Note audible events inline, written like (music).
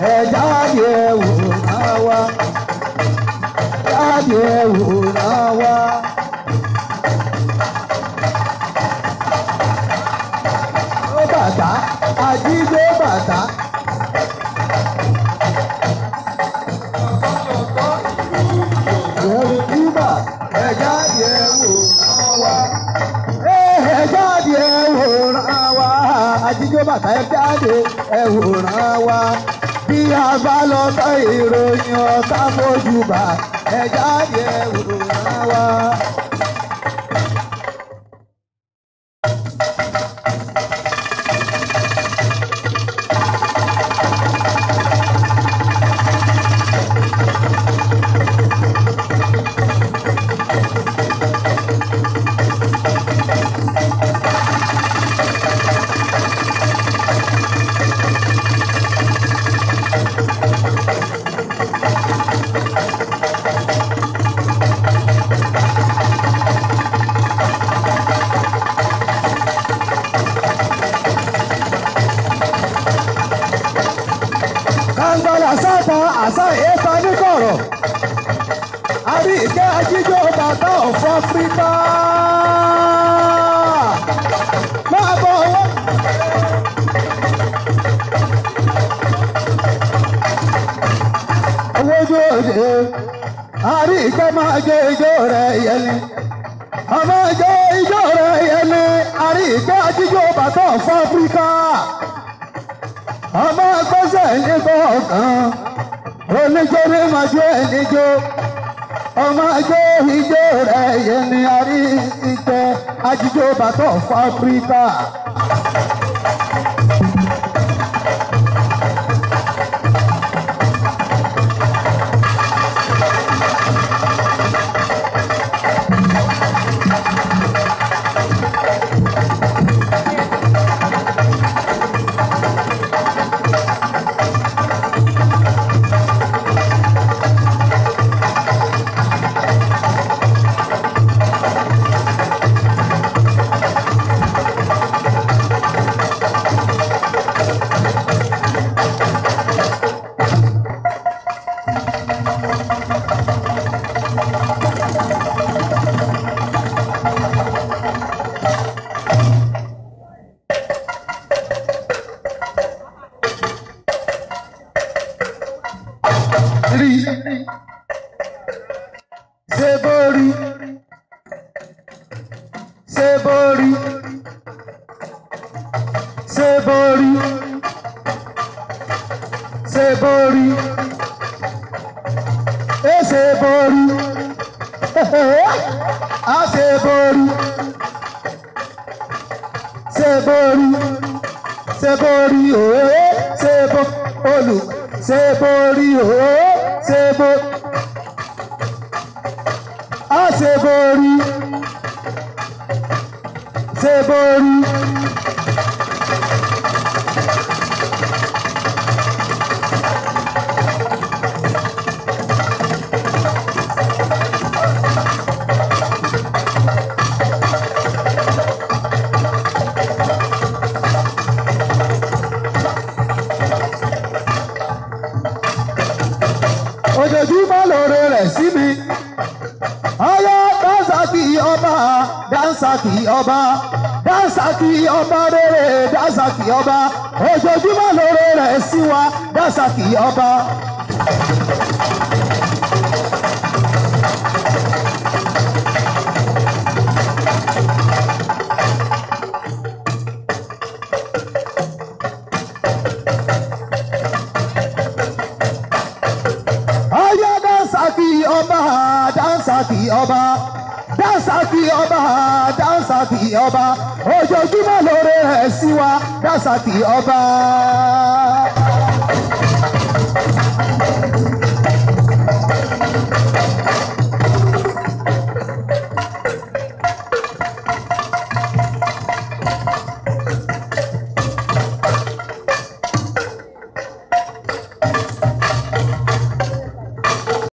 ẹ jáde àjíjó bàtà ẹ jáde ẹ wòran wa bí a bá lọ sọ ìròyìn ọ̀tá fojú bà ẹ jáde ẹ àṣà ìyẹ́ta nígbọ̀rọ̀ àrí ìkẹ́ ajíjọ́ bàbá ọ̀fọ́ pípa. ari. bọ̀ ọwọ́. owó ojú òde àrí Ama jo jó ijó rẹ̀ Ari ọmọ jó ijó rẹ̀ yẹlẹ Ama ìkẹ́ ajíjọ́ bàbá oníjó ló máa jó ẹnìjó ọmọ ajó ijó rẹ̀ yẹn ni a rí ìjọ ajíjó bàtọ̀ fún áfíríkà. Sebori Sebori ṣe borí (laughs) a ṣe borí ṣe borí ṣe borí òwe oh, ṣe bo olù ṣe borí òwe oh, ṣe bo a ṣe borí ṣe borí. ojoojúmọ́ lóore rẹ̀ sí mi. ọyọ Dansaki ọba Dansaki ọba Dansaki ọba rere Dansaki ọba ojoojúmọ́ lóore rẹ̀ sí wa Dansaki ọba. ọba Dansaki ọba Dansaki ọba Dansaki ọba ojoojúmọ́ lóore ẹ̀ sí wa Dansaki ọba.